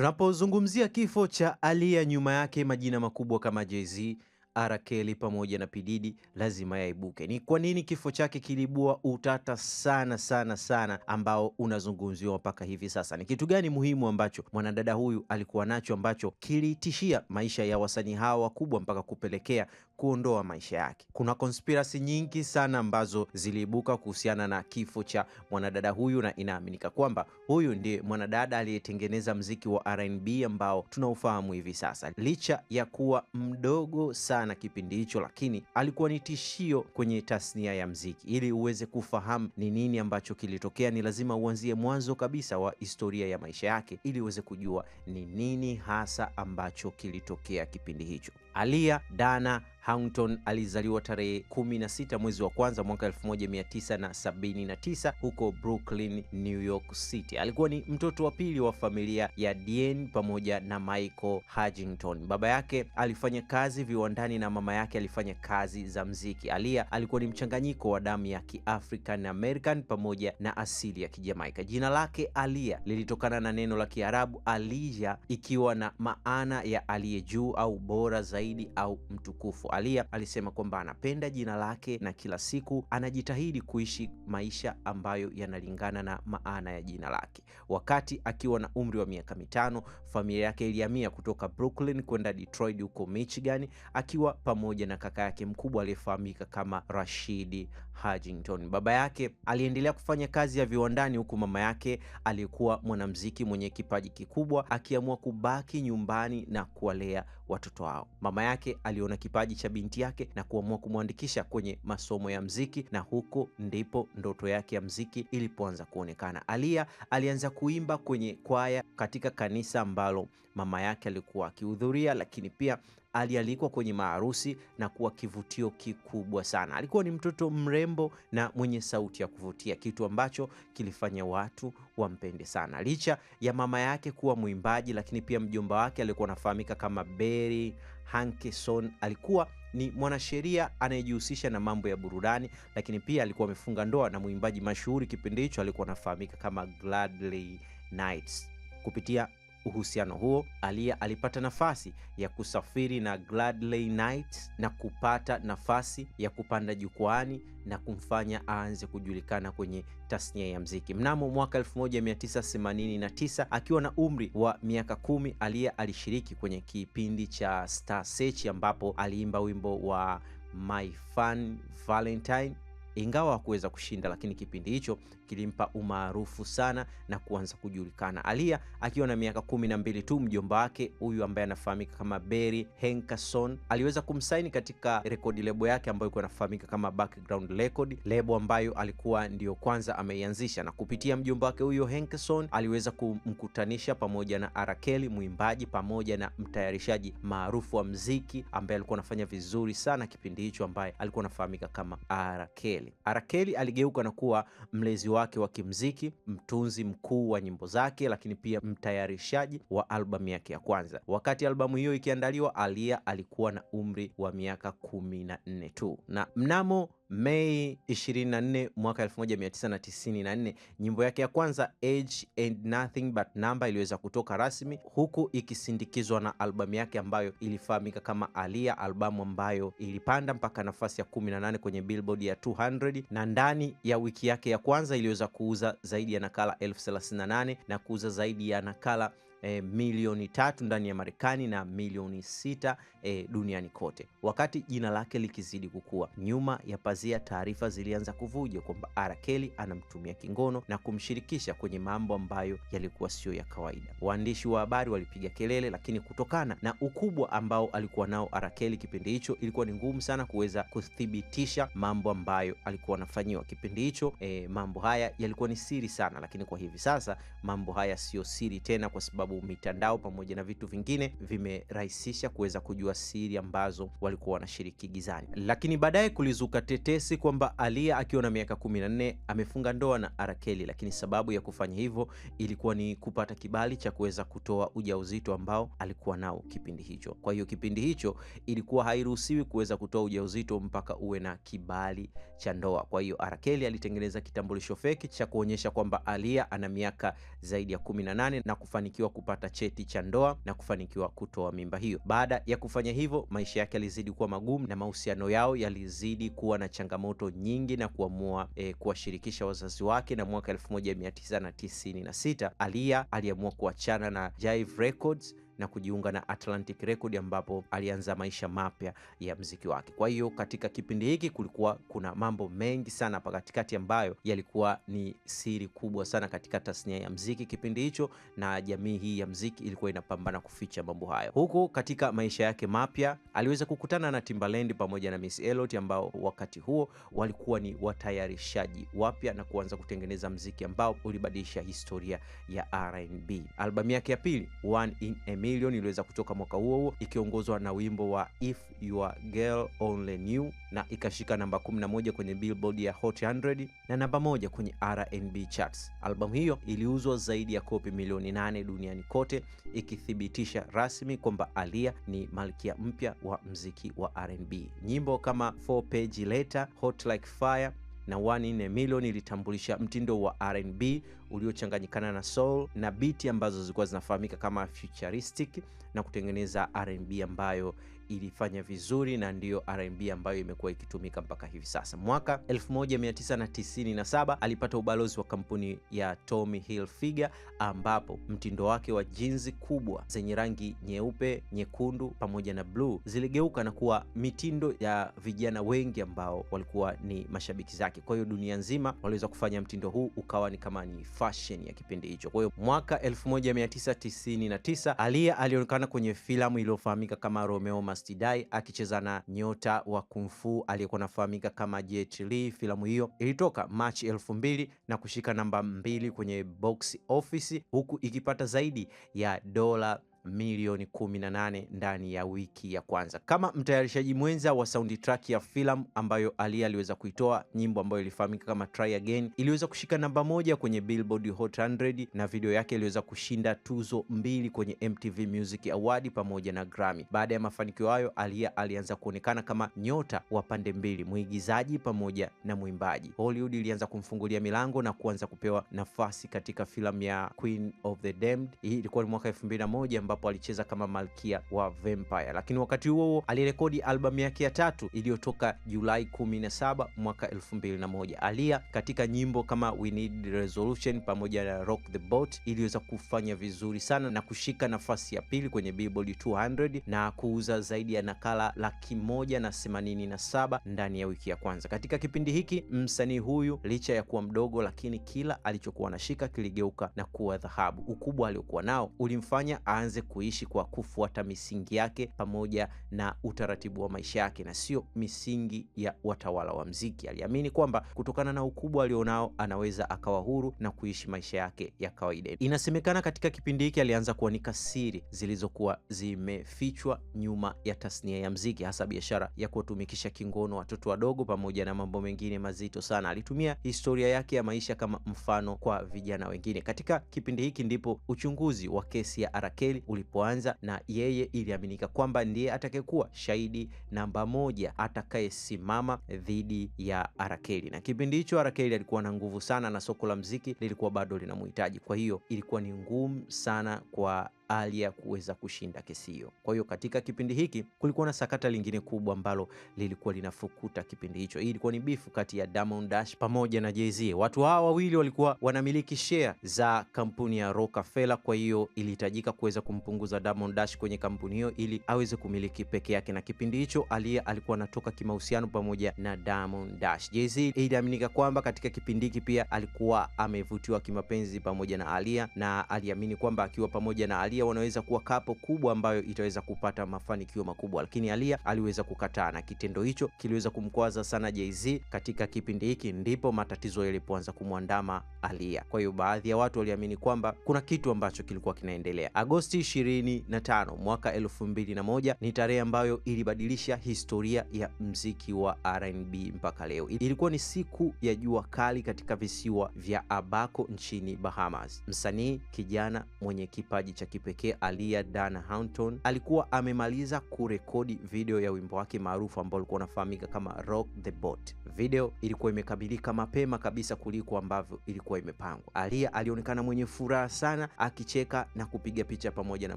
Tunapozungumzia kifo cha Aaliyah, nyuma yake majina makubwa kama Jay-Z, R. Kelly pamoja na P. Diddy lazima yaibuke. Ni kwa nini kifo chake kilibua utata sana sana sana ambao unazungumziwa mpaka hivi sasa? Ni kitu gani muhimu ambacho mwanadada huyu alikuwa nacho ambacho kilitishia maisha ya wasanii hawa wakubwa mpaka kupelekea kuondoa maisha yake. Kuna konspirasi nyingi sana ambazo ziliibuka kuhusiana na kifo cha mwanadada huyu, na inaaminika kwamba huyu ndiye mwanadada aliyetengeneza mziki wa R&B ambao tunaufahamu hivi sasa. Licha ya kuwa mdogo sana kipindi hicho, lakini alikuwa ni tishio kwenye tasnia ya mziki. Ili uweze kufahamu ni nini ambacho kilitokea, ni lazima uanzie mwanzo kabisa wa historia ya maisha yake ili uweze kujua ni nini hasa ambacho kilitokea kipindi hicho. Alia Dana Haunton alizaliwa tarehe 16 mwezi wa kwanza mwaka 1979 huko Brooklyn, New York City. Alikuwa ni mtoto wa pili wa familia ya Diane pamoja na Michael Huntington. Baba yake alifanya kazi viwandani na mama yake alifanya kazi za mziki. Alia alikuwa ni mchanganyiko wa damu ya Kiafrican American pamoja na asili ya Kijamaika. Jina lake Alia lilitokana na neno la Kiarabu Alija, ikiwa na maana ya aliye juu au bora zaidi zaidi au mtukufu. Alia alisema kwamba anapenda jina lake na kila siku anajitahidi kuishi maisha ambayo yanalingana na maana ya jina lake. Wakati akiwa na umri wa miaka mitano, familia yake ilihamia kutoka Brooklyn kwenda Detroit huko Michigan, akiwa pamoja na kaka yake mkubwa aliyefahamika kama Rashidi Huntington. Baba yake aliendelea kufanya kazi ya viwandani huku mama yake aliyekuwa mwanamuziki mwenye kipaji kikubwa akiamua kubaki nyumbani na kuwalea watoto wao. Mama yake aliona kipaji cha binti yake na kuamua kumwandikisha kwenye masomo ya mziki, na huko ndipo ndoto yake ya mziki ilipoanza kuonekana. Alia alianza kuimba kwenye kwaya katika kanisa ambalo mama yake alikuwa akihudhuria, lakini pia alialikwa kwenye maharusi na kuwa kivutio kikubwa sana. Alikuwa ni mtoto mrembo na mwenye sauti ya kuvutia, kitu ambacho kilifanya watu wampende sana. Licha ya mama yake kuwa mwimbaji, lakini pia mjomba wake alikuwa anafahamika kama Beri Hankeson alikuwa ni mwanasheria anayejihusisha na mambo ya burudani, lakini pia alikuwa amefunga ndoa na mwimbaji mashuhuri kipindi hicho alikuwa anafahamika kama Gladly Knights kupitia uhusiano huo, alia alipata nafasi ya kusafiri na Gladley Knight na kupata nafasi ya kupanda jukwaani na kumfanya aanze kujulikana kwenye tasnia ya mziki. Mnamo mwaka 1989 akiwa na umri wa miaka kumi, alia alishiriki kwenye kipindi cha Star ambapo aliimba wimbo wa My Fun Valentine ingawa hakuweza kushinda, lakini kipindi hicho kilimpa umaarufu sana na kuanza kujulikana. Alia akiwa na miaka kumi na mbili tu, mjomba wake huyu ambaye anafahamika kama Barry Henkerson aliweza kumsaini katika rekodi lebo yake ambayo ilikuwa inafahamika kama Background Record, lebo ambayo alikuwa ndiyo kwanza ameianzisha, na kupitia mjomba wake huyo Henkerson aliweza kumkutanisha pamoja na arakeli mwimbaji pamoja na mtayarishaji maarufu wa mziki ambaye alikuwa anafanya vizuri sana kipindi hicho, ambaye alikuwa anafahamika kama arakeli Arakeli. Arakeli aligeuka na kuwa mlezi wake wa kimziki, mtunzi mkuu wa nyimbo zake, lakini pia mtayarishaji wa albamu yake ya kwanza. Wakati albamu hiyo ikiandaliwa, Alia alikuwa na umri wa miaka kumi na nne tu na mnamo Mei 24 mwaka 1994, nyimbo yake ya kwanza Age and Nothing But Number iliweza kutoka rasmi, huku ikisindikizwa na albamu yake ambayo ilifahamika kama Alia, albamu ambayo ilipanda mpaka nafasi ya 18 kwenye Billboard ya 200, na ndani ya wiki yake ya kwanza iliweza kuuza zaidi ya nakala elfu 38 na kuuza zaidi ya nakala e, milioni tatu ndani ya Marekani na milioni sita e, duniani kote. Wakati jina lake likizidi kukua, nyuma ya pazia taarifa zilianza kuvuja kwamba R. Kelly anamtumia kingono na kumshirikisha kwenye mambo ambayo yalikuwa sio ya kawaida. Waandishi wa habari walipiga kelele, lakini kutokana na ukubwa ambao alikuwa nao R. Kelly kipindi hicho, ilikuwa ni ngumu sana kuweza kuthibitisha mambo ambayo alikuwa anafanyiwa kipindi hicho. E, mambo haya yalikuwa ni siri sana, lakini kwa hivi sasa mambo haya siyo siri tena kwa sababu sababu mitandao pamoja na vitu vingine vimerahisisha kuweza kujua siri ambazo walikuwa wanashiriki gizani. Lakini baadaye kulizuka tetesi kwamba Aaliyah akiwa na miaka 14 amefunga ndoa na R. Kelly, lakini sababu ya kufanya hivyo ilikuwa ni kupata kibali cha kuweza kutoa ujauzito ambao alikuwa nao kipindi hicho. Kwa hiyo kipindi hicho ilikuwa hairuhusiwi kuweza kutoa ujauzito mpaka uwe na kibali cha ndoa. Kwa hiyo R. Kelly alitengeneza kitambulisho feki cha kuonyesha kwamba Aaliyah ana miaka zaidi ya 18 na kufanikiwa kupata cheti cha ndoa na kufanikiwa kutoa mimba hiyo. Baada ya kufanya hivyo, maisha yake yalizidi kuwa magumu na mahusiano yao yalizidi kuwa na changamoto nyingi na kuamua e, kuwashirikisha wazazi wake, na mwaka 1996 Alia aliamua kuachana na Jive Records na kujiunga na Atlantic Record ambapo alianza maisha mapya ya mziki wake. Kwa hiyo katika kipindi hiki kulikuwa kuna mambo mengi sana hapa katikati ambayo yalikuwa ni siri kubwa sana katika tasnia ya mziki kipindi hicho, na jamii hii ya mziki ilikuwa inapambana kuficha mambo hayo. Huku katika maisha yake mapya aliweza kukutana na Timbaland pamoja na Miss Elliot ambao wakati huo walikuwa ni watayarishaji wapya na kuanza kutengeneza mziki ambao ulibadilisha historia ya R&B. Albamu yake ya pili One in a Chameleone iliweza kutoka mwaka huo huo ikiongozwa na wimbo wa If Your Girl Only Knew na ikashika namba 11 kwenye Billboard ya Hot 100 na namba moja kwenye R&B charts. Albamu hiyo iliuzwa zaidi ya kopi milioni nane duniani kote ikithibitisha rasmi kwamba Aaliyah ni malkia mpya wa mziki wa R&B. Nyimbo kama Four Page Letter, Hot Like Fire na 1 Million ilitambulisha mtindo wa R&B uliochanganyikana na soul na biti ambazo zilikuwa zinafahamika kama futuristic na kutengeneza R&B ambayo ilifanya vizuri na ndiyo R&B ambayo imekuwa ikitumika mpaka hivi sasa. Mwaka 1997 alipata ubalozi wa kampuni ya Tommy Hilfiger ambapo mtindo wake wa jinzi kubwa zenye rangi nyeupe, nyekundu pamoja na bluu ziligeuka na kuwa mitindo ya vijana wengi ambao walikuwa ni mashabiki zake. Kwa hiyo dunia nzima waliweza kufanya mtindo huu ukawa ni kama ni fashion ya kipindi hicho. Kwa hiyo mwaka 1999 Alia alionekana kwenye filamu iliyofahamika kama Romeo Must Die akicheza na nyota wa kungfu aliyekuwa anafahamika kama Jet Li. Filamu hiyo ilitoka Machi elfu mbili na kushika namba mbili kwenye box office huku ikipata zaidi ya dola milioni 18 ndani ya wiki ya kwanza. Kama mtayarishaji mwenza wa soundtrack ya filamu ambayo Aaliyah aliweza kuitoa, nyimbo ambayo ilifahamika kama Try Again iliweza kushika namba moja kwenye Billboard Hot 100 na video yake iliweza kushinda tuzo mbili kwenye MTV Music Award pamoja na Grammy. Baada ya mafanikio hayo, Aaliyah alianza kuonekana kama nyota wa pande mbili, mwigizaji pamoja na mwimbaji. Hollywood ilianza kumfungulia milango na kuanza kupewa nafasi katika filamu ya Queen of the Damned. Hii ilikuwa ni mwaka 2001 ambapo alicheza kama malkia wa Vampire, lakini wakati huo huo alirekodi albamu yake ya tatu iliyotoka Julai 17 mwaka 2001. Alia katika nyimbo kama We Need Resolution pamoja na Rock the Boat iliweza kufanya vizuri sana na kushika nafasi ya pili kwenye Billboard 200 na kuuza zaidi ya nakala laki moja na themanini na saba ndani ya wiki ya kwanza. Katika kipindi hiki msanii huyu licha ya kuwa mdogo, lakini kila alichokuwa anashika kiligeuka na kuwa dhahabu. Ukubwa aliokuwa nao ulimfanya aanze aweze kuishi kwa kufuata misingi yake pamoja na utaratibu wa maisha yake na sio misingi ya watawala wa mziki. Aliamini kwamba kutokana na ukubwa alionao anaweza akawa huru na kuishi maisha yake ya kawaida. Inasemekana katika kipindi hiki alianza kuanika siri zilizokuwa zimefichwa nyuma ya tasnia ya mziki, hasa biashara ya kuwatumikisha kingono watoto wadogo pamoja na mambo mengine mazito sana. Alitumia historia yake ya maisha kama mfano kwa vijana wengine. Katika kipindi hiki ndipo uchunguzi wa kesi ya Arakeli ulipoanza, na yeye iliaminika kwamba ndiye atakayekuwa shahidi namba moja atakayesimama dhidi ya Arakeli, na kipindi hicho Arakeli alikuwa na nguvu sana na soko la mziki lilikuwa bado linamhitaji. Kwa hiyo ilikuwa ni ngumu sana kwa hali ya kuweza kushinda kesi hiyo. Kwa hiyo katika kipindi hiki kulikuwa na sakata lingine kubwa ambalo lilikuwa linafukuta kipindi hicho. Hii ilikuwa ni bifu kati ya Diamond Dash pamoja na Jay-Z. Watu hawa wawili walikuwa wanamiliki share za kampuni ya Rockefeller, kwa hiyo ilihitajika kuweza kumpunguza Diamond Dash kwenye kampuni hiyo ili aweze kumiliki peke yake, na kipindi hicho Aaliyah alikuwa anatoka kimahusiano pamoja na Diamond Dash. Jay-Z iliaminika kwamba katika kipindi hiki pia alikuwa amevutiwa kimapenzi pamoja na Aaliyah na aliamini kwamba akiwa pamoja na Aaliyah pia wanaweza kuwa kapo kubwa ambayo itaweza kupata mafanikio makubwa, lakini Alia aliweza kukataa, na kitendo hicho kiliweza kumkwaza sana Jay-Z. Katika kipindi hiki ndipo matatizo yalipoanza kumwandama Alia. Kwa hiyo baadhi ya watu waliamini kwamba kuna kitu ambacho kilikuwa kinaendelea. Agosti 25 mwaka 2001 ni tarehe ambayo ilibadilisha historia ya mziki wa R&B mpaka leo. Ilikuwa ni siku ya jua kali katika visiwa vya Abaco nchini Bahamas. Msanii kijana mwenye kipaji cha kipe pekee alia Dana Haunton alikuwa amemaliza kurekodi video ya wimbo wake maarufu ambao ulikuwa unafahamika kama Rock the Boat. Video ilikuwa imekamilika mapema kabisa kuliko ambavyo ilikuwa imepangwa. Alia alionekana mwenye furaha sana akicheka na kupiga picha pamoja na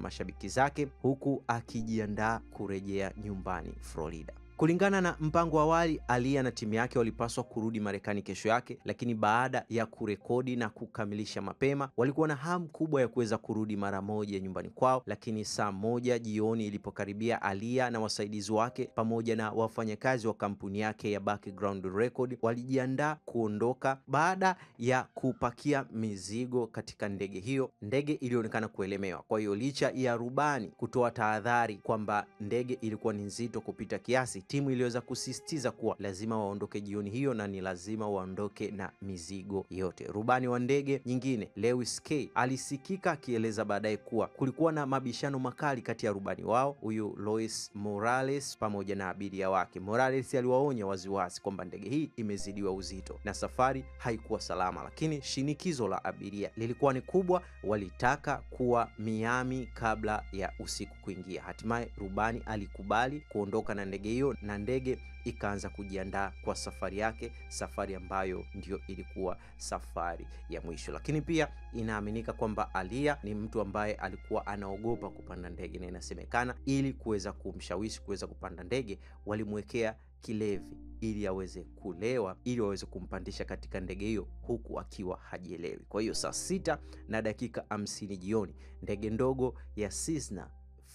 mashabiki zake huku akijiandaa kurejea nyumbani Florida. Kulingana na mpango awali, Aaliyah na timu yake walipaswa kurudi Marekani kesho yake, lakini baada ya kurekodi na kukamilisha mapema, walikuwa na hamu kubwa ya kuweza kurudi mara moja nyumbani kwao. Lakini saa moja jioni ilipokaribia, Aaliyah na wasaidizi wake pamoja na wafanyakazi wa kampuni yake ya Background Record walijiandaa kuondoka. Baada ya kupakia mizigo katika ndege hiyo, ndege ilionekana kuelemewa. Kwa hiyo licha ya rubani kutoa tahadhari kwamba ndege ilikuwa ni nzito kupita kiasi timu iliweza kusisitiza kuwa lazima waondoke jioni hiyo na ni lazima waondoke na mizigo yote. Rubani wa ndege nyingine Lewis K alisikika akieleza baadaye kuwa kulikuwa na mabishano makali kati ya rubani wao huyu Lois Morales pamoja na abiria wake. Morales aliwaonya waziwazi kwamba ndege hii imezidiwa uzito na safari haikuwa salama, lakini shinikizo la abiria lilikuwa ni kubwa, walitaka kuwa Miami kabla ya usiku kuingia. Hatimaye rubani alikubali kuondoka na ndege hiyo na ndege ikaanza kujiandaa kwa safari yake, safari ambayo ndio ilikuwa safari ya mwisho. Lakini pia inaaminika kwamba Alia ni mtu ambaye alikuwa anaogopa kupanda ndege, na inasemekana ili kuweza kumshawishi kuweza kupanda ndege walimwekea kilevi ili aweze kulewa ili waweze kumpandisha katika ndege hiyo huku akiwa hajielewi. Kwa hiyo saa sita na dakika hamsini jioni ndege ndogo ya Cessna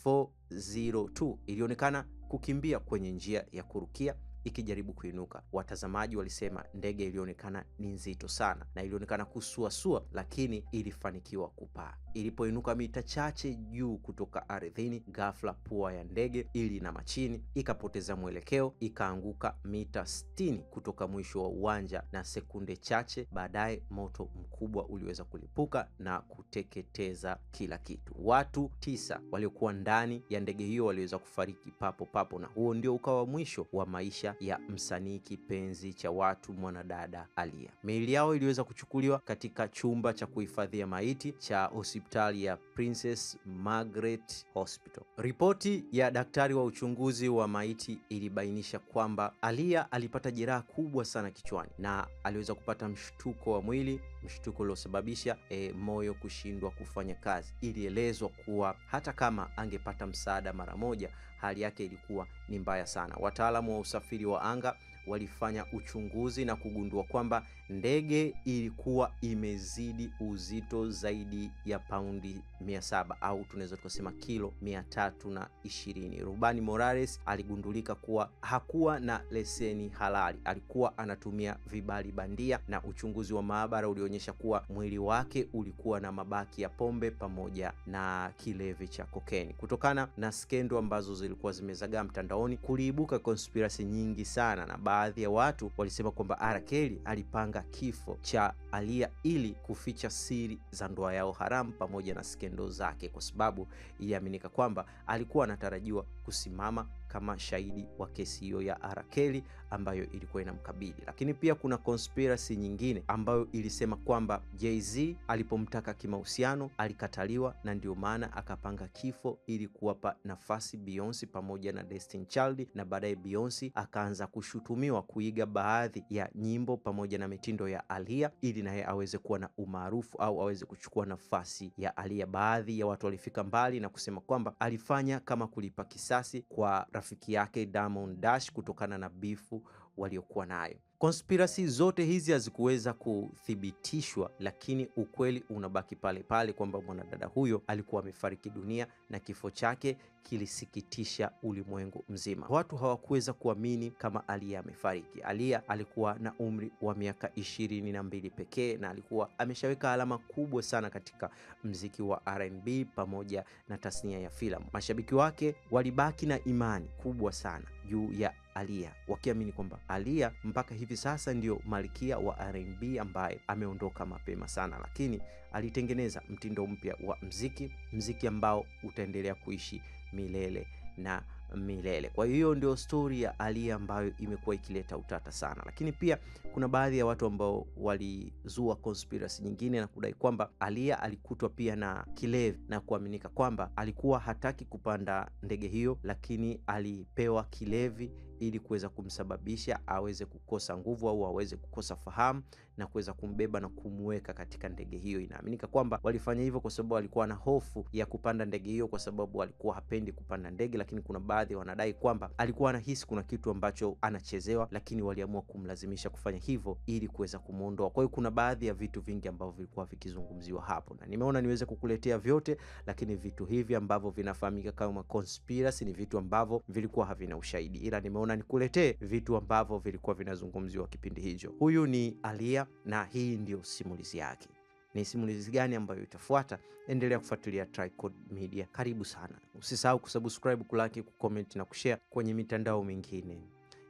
402 ilionekana kukimbia kwenye njia ya kurukia ikijaribu kuinuka. Watazamaji walisema ndege ilionekana ni nzito sana na ilionekana kusuasua, lakini ilifanikiwa kupaa. Ilipoinuka mita chache juu kutoka ardhini, ghafla pua ya ndege na chini, ikapoteza mwelekeo, ikaanguka mita 60 kutoka mwisho wa uwanja, na sekunde chache baadaye moto mkubwa uliweza kulipuka na kuteketeza kila kitu. Watu tisa waliokuwa ndani ya ndege hiyo waliweza kufariki papo papo, na huo ndio ukawa mwisho wa maisha picha ya msanii kipenzi cha watu mwanadada Alia. Miili yao iliweza kuchukuliwa katika chumba cha kuhifadhia maiti cha hospitali ya Princess Margaret Hospital. Ripoti ya daktari wa uchunguzi wa maiti ilibainisha kwamba Alia alipata jeraha kubwa sana kichwani na aliweza kupata mshtuko wa mwili mshtuko uliosababisha e, moyo kushindwa kufanya kazi. Ilielezwa kuwa hata kama angepata msaada mara moja, hali yake ilikuwa ni mbaya sana. Wataalamu wa usafiri wa anga walifanya uchunguzi na kugundua kwamba ndege ilikuwa imezidi uzito zaidi ya paundi 700 au tunaweza tukasema kilo 320. Rubani Morales aligundulika kuwa hakuwa na leseni halali, alikuwa anatumia vibali bandia, na uchunguzi wa maabara ulionyesha kuwa mwili wake ulikuwa na mabaki ya pombe pamoja na kilevi cha kokeni. Kutokana na skendo ambazo zilikuwa zimezagaa mtandaoni, kuliibuka konspirasi nyingi sana na baadhi ya watu walisema kwamba arakeli alipanga kifo cha Alia ili kuficha siri za ndoa yao haramu pamoja na skendo zake, kwa sababu iliaminika kwamba alikuwa anatarajiwa kusimama kama shahidi wa kesi hiyo ya arakeli ambayo ilikuwa inamkabili. Lakini pia kuna konspirasi nyingine ambayo ilisema kwamba jz alipomtaka kimahusiano alikataliwa, na ndio maana akapanga kifo ili kuwapa nafasi bionsi pamoja na Destiny na baadaye bionsi akaanza kushutumia anatumiwa kuiga baadhi ya nyimbo pamoja na mitindo ya Alia ili naye aweze kuwa na umaarufu au aweze kuchukua nafasi ya Alia. Baadhi ya watu walifika mbali na kusema kwamba alifanya kama kulipa kisasi kwa rafiki yake Diamond Dash kutokana na bifu waliokuwa nayo. Konspirasi zote hizi hazikuweza kuthibitishwa, lakini ukweli unabaki pale pale kwamba mwanadada huyo alikuwa amefariki dunia na kifo chake kilisikitisha ulimwengu mzima. Watu hawakuweza kuamini kama Alia amefariki. Alia alikuwa na umri wa miaka ishirini na mbili pekee na alikuwa ameshaweka alama kubwa sana katika mziki wa R&B pamoja na tasnia ya filamu. Mashabiki wake walibaki na imani kubwa sana juu ya Aaliyah, wakiamini kwamba Aaliyah mpaka hivi sasa ndio malkia wa R&B ambaye ameondoka mapema sana, lakini alitengeneza mtindo mpya wa mziki, mziki ambao utaendelea kuishi milele na milele. Kwa hiyo ndio stori ya Aaliyah ambayo imekuwa ikileta utata sana, lakini pia kuna baadhi ya watu ambao walizua conspiracy nyingine na kudai kwamba Aaliyah alikutwa pia na kilevi na kuaminika kwamba alikuwa hataki kupanda ndege hiyo, lakini alipewa kilevi ili kuweza kumsababisha aweze kukosa nguvu au aweze kukosa fahamu na kuweza kumbeba na kumweka katika ndege hiyo. Inaaminika kwamba walifanya hivyo kwa sababu walikuwa na hofu ya kupanda ndege hiyo, kwa sababu alikuwa hapendi kupanda ndege, lakini kuna baadhi wanadai kwamba alikuwa anahisi kuna kitu ambacho anachezewa, lakini waliamua kumlazimisha kufanya hivyo ili kuweza kumuondoa. Kwa hiyo kuna baadhi ya vitu vingi ambavyo vilikuwa vikizungumziwa hapo, na nimeona niweze kukuletea vyote, lakini vitu hivi ambavyo vinafahamika kama conspiracy ni vitu ambavyo vilikuwa havina ushahidi, ila nimeona na nikuletee vitu ambavyo vilikuwa vinazungumziwa kipindi hicho. Huyu ni Alia na hii ndiyo simulizi yake. Ni simulizi gani ambayo itafuata? Endelea kufuatilia Tricod Media. Karibu sana, usisahau kusubscribe, kulaki, kucomment na kushare kwenye mitandao mingine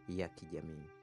ya kijamii.